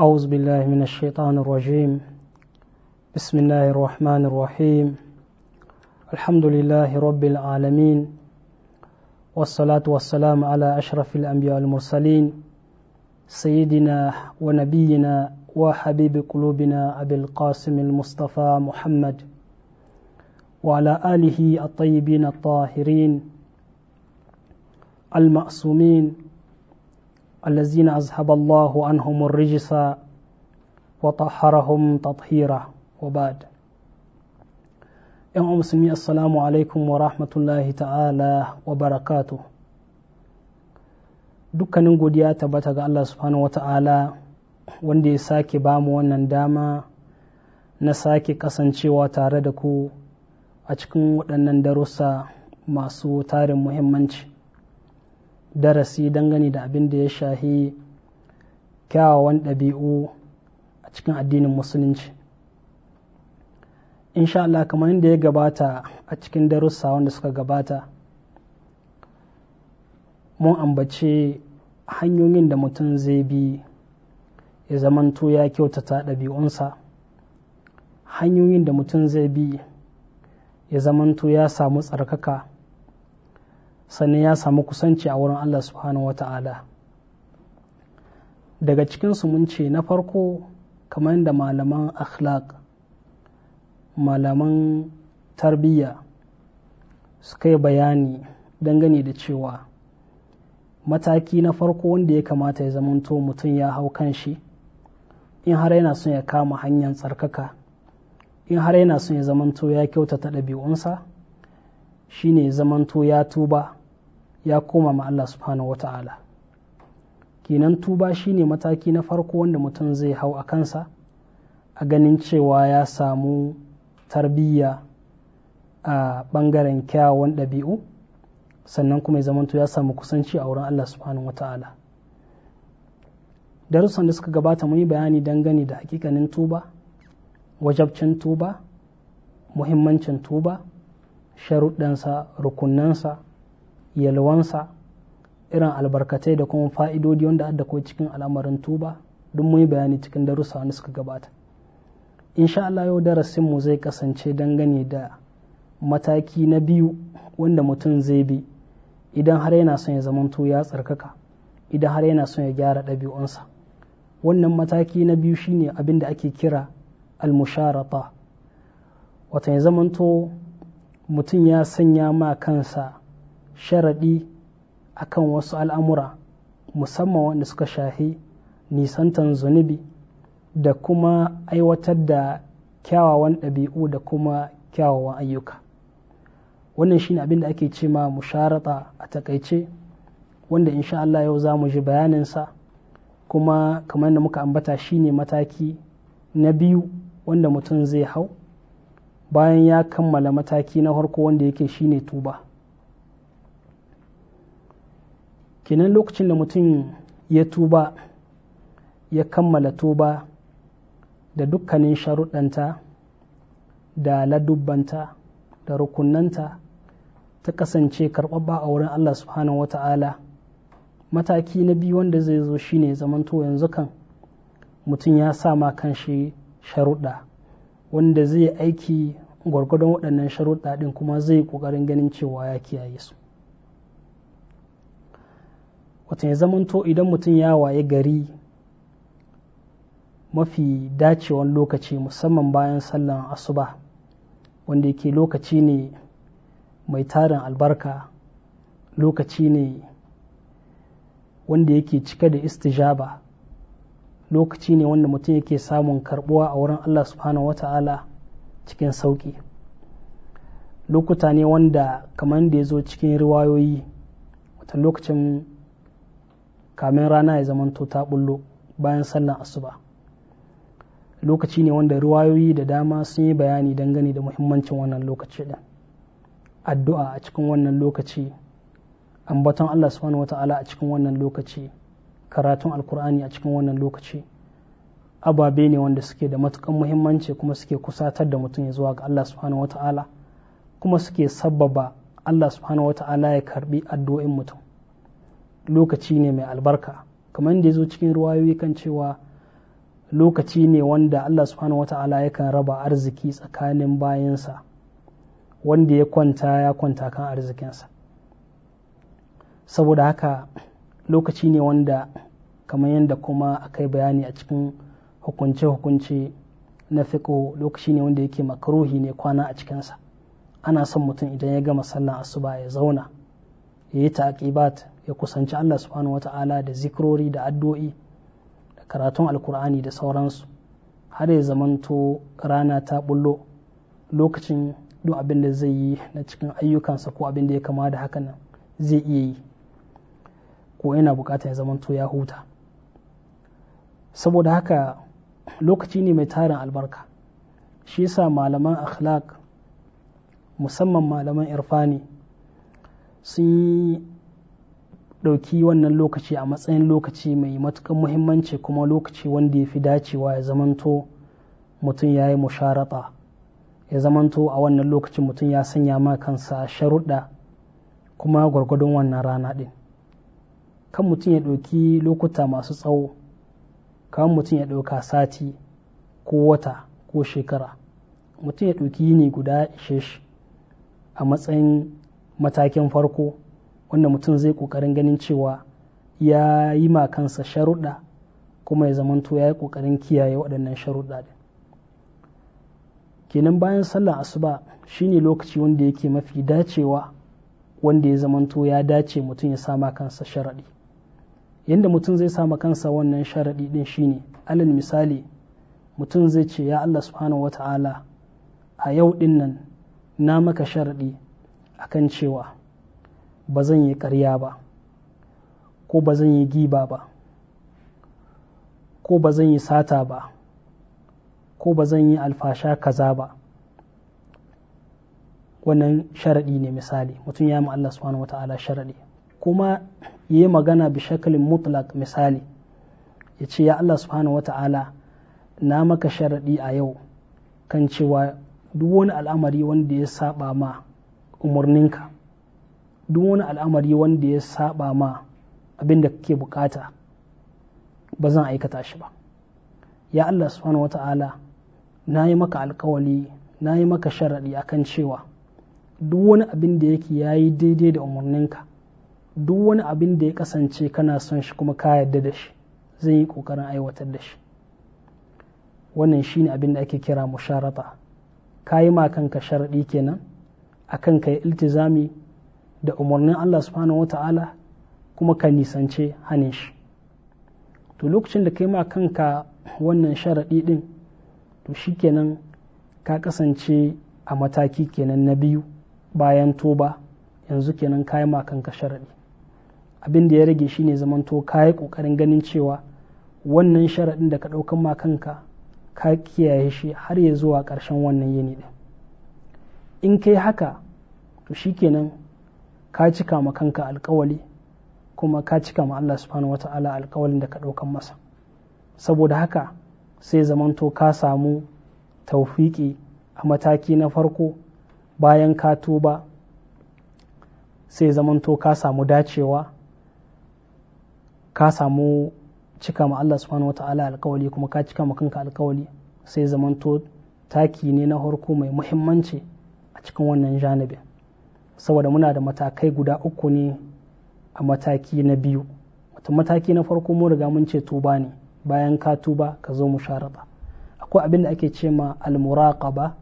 أعوذ بالله من الشيطان الرجيم بسم الله الرحمن الرحيم الحمد لله رب العالمين والصلاة والسلام على أشرف الأنبياء المرسلين سيدنا ونبينا وحبيب قلوبنا أبي القاسم المصطفى محمد وعلى آله الطيبين الطاهرين المأسومين الذين أذهب الله عنهم الرجس وطهرهم تطهيرا وبعد ‘Yan musulmi assalamu alaikum wa rahmatullahi ta'ala wa barakatu dukkanin godiya tabbata ga Allah subhanahu wa ta'ala wanda ya sake bamu wannan dama na sake kasancewa tare da ku a cikin waɗannan darussa masu tarin muhimmanci. darasi gani da abin da ya shahi kyawawan ɗabi'u a cikin addinin musulunci insha Allah kamar yadda ya gabata a cikin darussa wanda suka gabata mun ambace hanyoyin da mutum zai bi ya zamanto ya kyautata ɗabi'unsa hanyoyin da mutum zai bi ya zamanto ya samu tsarkaka sannan ya samu kusanci a wurin Allah subhanahu Ta'ala. daga cikinsu mun ce na farko kamar yadda malaman akhlaq malaman tarbiyya suka yi bayani dangane da cewa mataki na farko wanda ya kamata ya zamanto mutum ya hau kan shi in har yana son ya kama hanyar tsarkaka in har yana son ya zamanto ya kyautata ɗabi'unsa shine zamanto ya tuba ya koma ma Allah subhanahu wata'ala kinan tuba shine mataki na farko wanda mutum zai hau a kansa a ganin cewa ya samu tarbiyya a ɓangaren kyawun ɗabi'u sannan kuma ya zamanto ya samu kusanci a wurin Allah subhanahu wata'ala darussan da suka gabata mun yi bayani dangane da hakikanin tuba wajabcin tuba muhimmancin tuba sharuɗansa rukunansa yalwansa irin albarkatai da kuma fa'idodi wanda adda ko cikin al'amarin tuba don mun yi bayani cikin darussa wani suka gabata insha Allah yau darasinmu zai kasance dangane da mataki na biyu wanda mutum zai bi idan har yana son ya zamanto ya tsarkaka idan har yana son ya gyara ɗabi'unsa wannan mataki na biyu shine abin da ake kira almusharata wata ya zamanto mutum ya sanya ma kansa sharaɗi akan wasu al'amura musamman wanda suka shafi nisantan zunubi da kuma aiwatar da kyawawan ɗabi'u da kuma kyawawan ayyuka wannan shine abin da ake ce ma musharata a takaice wanda insha Allah yau za mu ji bayaninsa kuma kamar da muka ambata shi ne mataki na biyu wanda mutum zai hau bayan ya kammala mataki na farko wanda yake shine tuba kenan lokacin da mutum ya tuba ya kammala tuba da dukkanin sharuɗanta da ladubbanta da rukunanta ta kasance karɓaɓɓa a wurin Allah subhanahu wata'ala mataki na biyu wanda zai zo shine zamanto yanzu kan mutum ya sa ma kan shi sharuɗa wanda zai aiki gwargwadon waɗannan sharuɗa ɗin kuma zai ƙoƙarin ganin cewa ya kiyaye su watan ya zamanto idan mutum ya waye gari mafi dacewan lokaci musamman bayan sallan asuba wanda yake lokaci ne mai tarin albarka lokaci ne wanda yake cike da istijaba lokaci ne wanda mutum yake samun karbuwa a wurin Allah subhanahu wata'ala cikin sauƙi lokuta ne wanda kamar da ya zo cikin riwayoyi wata lokacin kamin rana ya zamanto ta bullo bayan sallar asuba lokaci ne wanda ruwayoyi da dama sun yi bayani dangane da muhimmancin wannan lokaci din addu'a a cikin wannan lokaci ambaton Allah subhanahu wata'ala a cikin wannan lokaci karatun alkur'ani a cikin wannan lokaci ababe ne wanda suke da matukan muhimmanci kuma suke kusatar da mutum ya zuwa ga Allah subhanahu wata'ala kuma suke sabbaba Allah subhanahu wata'ala ya karbi addu'o'in mutum lokaci ne mai albarka kamar da ya zo cikin ruwayoyi kan cewa lokaci ne wanda Allah subhanahu wata'ala kan raba arziki tsakanin bayansa wanda ya kwanta ya kwanta kan arzikinsa saboda haka lokaci ne wanda kamar yadda kuma aka yi bayani a cikin hukunce-hukunce na fiko lokaci ne wanda yake makaruhi ne kwana a cikinsa ana son mutum idan ya gama sallan asuba ya zauna ya yi ta ya kusanci Allah subhanahu ta'ala da zikrori da addu'o'i da karatun alkur'ani da sauransu har ya zamanto rana ta bullo lokacin duk abin da zai yi na cikin ayyukansa ko abin da ya kama da hakan zai iya yi ko yana bukatar ya zamanto ya huta saboda haka lokaci ne mai tarin albarka shi yasa malaman akhlaq musamman malaman irfani sun yi ɗauki wannan lokaci a matsayin lokaci mai matukan muhimmanci kuma lokaci wanda ya fi dacewa ya zamanto mutum ya yi musharata ya zamanto a wannan lokacin mutum ya sanya ma kansa sharuɗa kuma gwargwadon wannan rana ɗin kan mutum ya ɗauki lokuta masu tsawo kan mutum ya ɗauka sati ko wata ko shekara mutum ya ɗauki yini guda ishe a matsayin matakin farko wanda mutum zai ƙoƙarin ganin cewa ya yi ma kansa sharuɗa kuma ya zamanto ya yi ƙoƙarin kiyaye waɗannan sharuɗa din kenan bayan sallar asuba shine lokaci wanda yake mafi dacewa wanda ya zamanto ya dace mutum ya sama kansa sharaɗi yadda mutum zai sama kansa wannan sharaɗi ɗin shine alal misali mutum zai ce ya Allah subhanahu wa ta'ala a yau ɗin nan na maka sharaɗi akan cewa ba zan yi karya ba ko ba zan yi giba ba ko ba zan yi sata ba ko ba zan yi alfasha kaza ba wannan sharaɗi ne misali mutum ya ma Allah subhanahu wa ta'ala sharaɗi kuma yi magana bi shakalin mutlak misali ya ce ya Allah subhanahu wa ta'ala na maka sharaɗi a yau kan cewa duk wani al'amari wanda ya saba ma umarninka duk wani al'amari wanda ya saba ma abin da kake bukata ba zan aikata shi ba ya Allah subhanahu wata'ala na yi maka alkawali na yi maka sharaɗi akan cewa duk wani abin da yake ya yi daidai da umarninka duk wani abin da ya kasance kana son shi kuma ka yarda da shi zan yi kokarin aiwatar da shi wannan shi ne abin da ake kira musharata ka yi ma kanka sharaɗi kenan akan ka iltizami da umarnin Allah subhanahu wata'ala kuma ka nisance hannun shi to lokacin da kai ma kanka wannan sharaɗi ɗin to kenan ka kasance a mataki kenan na biyu bayan toba yanzu kenan ka yi ma kanka sharaɗi abin da ya rage shine zamanto ka yi ƙoƙarin ganin cewa wannan sharaɗin da ka ɗaukan ma kanka ka kiyaye shi har ya zuwa ƙarshen wannan yini ɗin in kai haka to kenan. ka cika ma kanka alkawali kuma ka cika ma Allah subhanahu ta'ala alkawalin da ka ɗaukan masa saboda haka sai zamanto ka samu taufiƙi a mataki na farko bayan ka tuba sai zamanto ka samu dacewa ka samu cika ma Allah subhanahu ta'ala alkawali kuma ka cika ma kanka alkawali sai zamanto taki ne na farko mai muhimmanci a cikin wannan janibin saboda muna da matakai guda uku ne a mataki na biyu wata mataki na farko mun riga mun ce tuba ne bayan ka tuba ka zo mu musharaba akwai abin da ake ce ma almuraqaba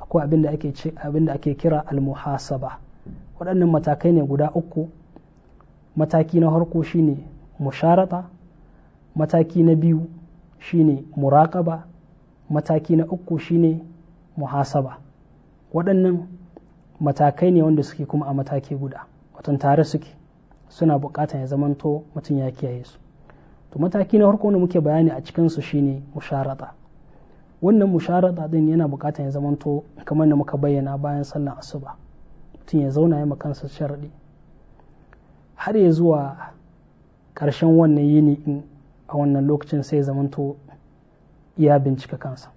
akwai abin da ake ce abin da ake kira almuhasaba waɗannan matakai ne guda uku mataki na farko shine musharata mataki na biyu shine muraqaba mataki na uku shine muhasaba waɗannan matakai ne wanda suke kuma a mataki guda watan tare suke suna bukatan ya zamanto mutum ya kiyaye su to mataki na farko da muke bayani a cikin su shine musharata wannan musharata din yana bukatan ya zamanto kamar da muka bayyana bayan sallar asuba mutum ya zauna ya makansa sharadi har ya zuwa karshen wannan yini in a wannan lokacin sai zamanto ya bincika kansa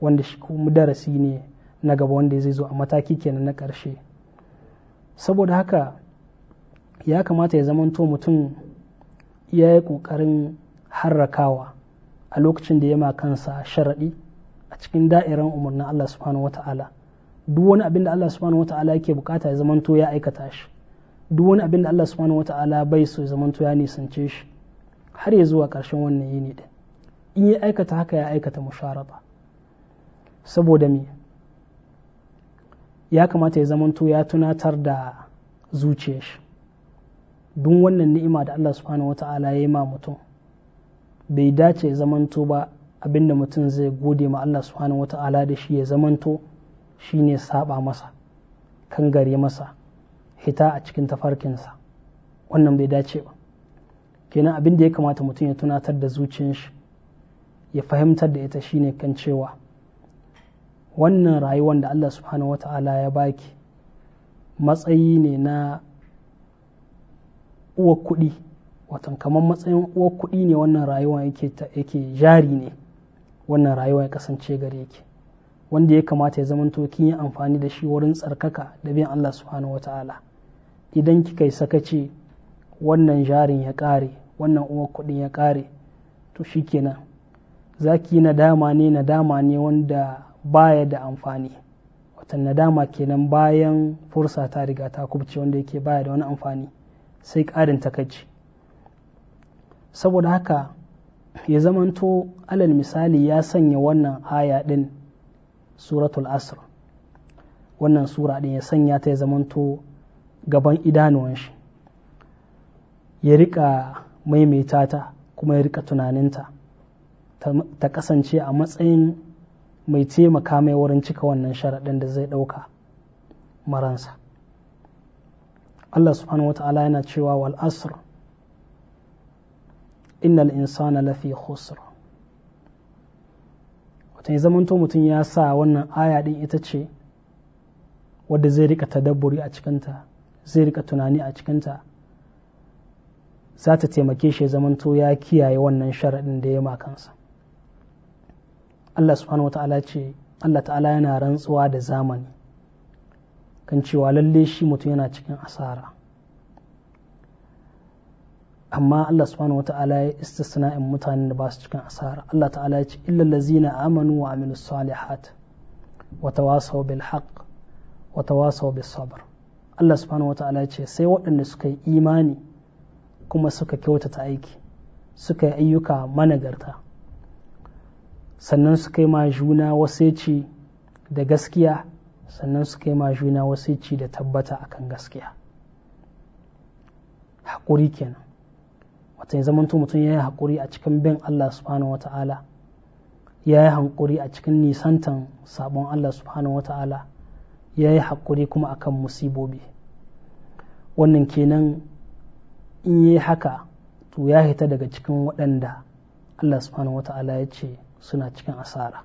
wanda shi kuma darasi ne na gaba wanda zai zo a mataki kenan na ƙarshe saboda haka ya kamata ya zamanto mutum ya yi ƙoƙarin harrakawa a lokacin da ya ma kansa sharaɗi a cikin da'iran umarnin Allah subhanahu wa ta'ala duk wani abin da Allah subhanahu wa ta'ala yake bukata ya zamanto ya aikata shi duk wani abin da Allah subhanahu wa ta'ala bai so ya zamanto ya nisance shi har ya zuwa ƙarshen wannan yini din in ya aikata haka ya aikata musharaba saboda me ya kamata ya zamanto ya tunatar da zuciyar shi duk wannan ni'ima da Allah subhanahu wata'ala ya yi ma mutum bai dace ya zamanto ba abinda mutum zai gode ma Allah subhanahu wata'ala da shi ya zamanto shine saba masa kan gare masa hita a cikin tafarkinsa wannan bai dace ba kenan abinda ya kamata mutum ya tunatar da zuciyar shi ya fahimtar da ita shine kan cewa wannan rayuwar da Allah subhanahu wata'ala ya baki matsayi ne na uwar kuɗi watan kamar matsayin uwar kuɗi ne wannan rayuwa yake jari ne wannan rayuwa ya kasance gare yake wanda ya kamata ya zamanto kin yi amfani da shi wurin tsarkaka da bin Allah subhanahu wata'ala idan kika yi sakaci wannan jarin ya ƙare wannan uwar kuɗin ya ƙare to shikenan zaki dama ne na dama ne wanda baya da amfani watan nadama kenan bayan fursa ta riga ta kubce wanda yake baya da wani amfani sai ƙarin takaici saboda haka ya zamanto alal misali ya sanya wannan aya ɗin suratul asr wannan sura ɗin ya sanya ta ya zamanto gaban idanuwan shi ya rika maimaita ta kuma ya rika tunaninta ta kasance a matsayin mai taimaka mai wurin cika wannan sharaɗin da zai ɗauka maransa Allah subhanahu wata'ala yana cewa wal asr innal insana lafi khusr wata ya zamanto mutum ya sa wannan aya ɗin ita ce wadda zai rika tadabburi a cikinta zai rika tunani a cikinta za ta taimake shi zamanto ya kiyaye wannan sharaɗin da ya makansa Allah subhanahu wata'ala ce Allah ta'ala yana rantsuwa da zamani kan cewa lalle shi mutum yana cikin asara amma Allah subhanahu wata'ala ya istisna'in mutanen da ba su cikin asara Allah ta'ala ya ce illal ladzina amanu wa amilus salihat wa tawasaw bil haqq wa tawasaw bis sabr Allah subhanahu wata'ala ya ce sai waɗanda suka yi imani kuma suka kyautata aiki suka yi ayyuka managarta sannan su kai ma juna ci da gaskiya sannan su kai ma juna wasaici da tabbata akan gaskiya haƙuri kenan wata zamanto mutum ya yi haƙuri a cikin bin Allah subhanahu wa ta'ala ya yi haƙuri a cikin nisantan sabon Allah subhanahu wa ta'ala ya yi haƙuri kuma akan musibobi wannan kenan in yi haka to ya hita daga cikin waɗanda Allah subhanahu wa ta'ala ya ce suna cikin asara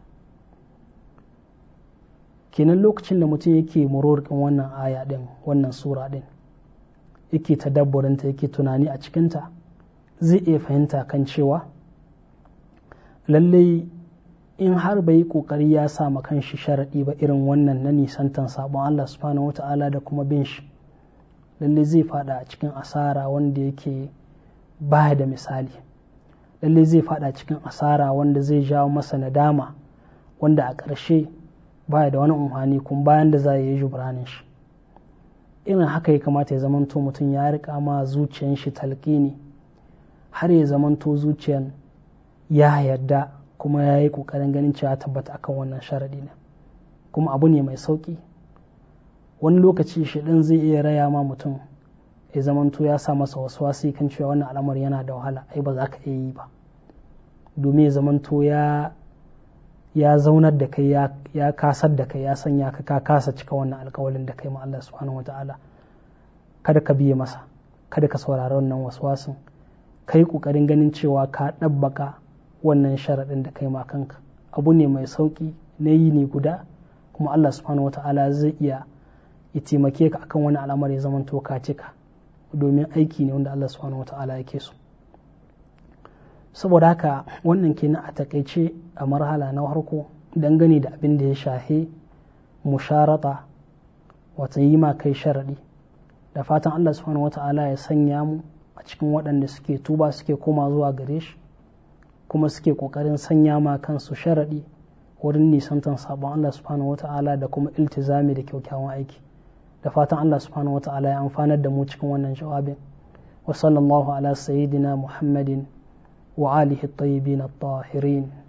kenan lokacin da mutum yake murorkin wannan aya din wannan sura din yake tadabburinta yake tunani a cikinta zai iya fahimta kan cewa lallai in har bai yi kokari ya sa kan shi sharaɗi ba irin wannan na nisantan sabon Allah subhanahu ta'ala da kuma bin shi lallai zai fada a cikin asara wanda yake baya da misali Lallai zai fada cikin asara wanda zai jawo masa nadama wanda a ƙarshe baya da wani umarni kun bayan da za yi jubranin shi irin haka ya kamata ya zamanto mutum ya rika ma zuciyan shi talƙini har ya zamanto zuciyan ya yarda kuma ya yi ƙoƙarin ganin cewa tabbata akan wannan sharaɗi ne kuma abu ne mai sauƙi wani lokaci shi zai iya raya ma mutum ya zamanto ya sa masa wasu kan cewa wannan al'amari yana da wahala ai ba za ka iya yi ba domin ya zamanto ya ya zaunar da kai ya kasar da kai ya sanya ka ka kasa cika wannan alkawalin da kai ma Allah subhanahu wataala kada ka biye masa kada ka saurari wannan waswasin kai kokarin ganin cewa ka ɗabbaka wannan sharaɗin da kai ma kanka abu ne mai sauƙi na yi ne guda kuma Allah subhanahu wataala zai iya ya taimake ka akan wani al'amari zamanto ka cika domin aiki ne wanda Allah subhanahu wata'ala yake so saboda haka wannan kenan a takaice a marhala na harko dangane da abin da ya shahe musharata wata yi ma kai sharaɗi da fatan Allah subhanahu ya sanya mu a cikin waɗanda suke tuba suke koma zuwa gare shi kuma suke ƙoƙarin sanya ma kansu sharaɗi wurin nisantan sabon Allah subhanahu da kuma iltizami da kyaukyawan aiki da fatan Allah subhanahu wata'ala ya amfanar da mu cikin wannan jawabin wa sallallahu ala sayyidina muhammadin wa alihi at-tayyibin at-tahirin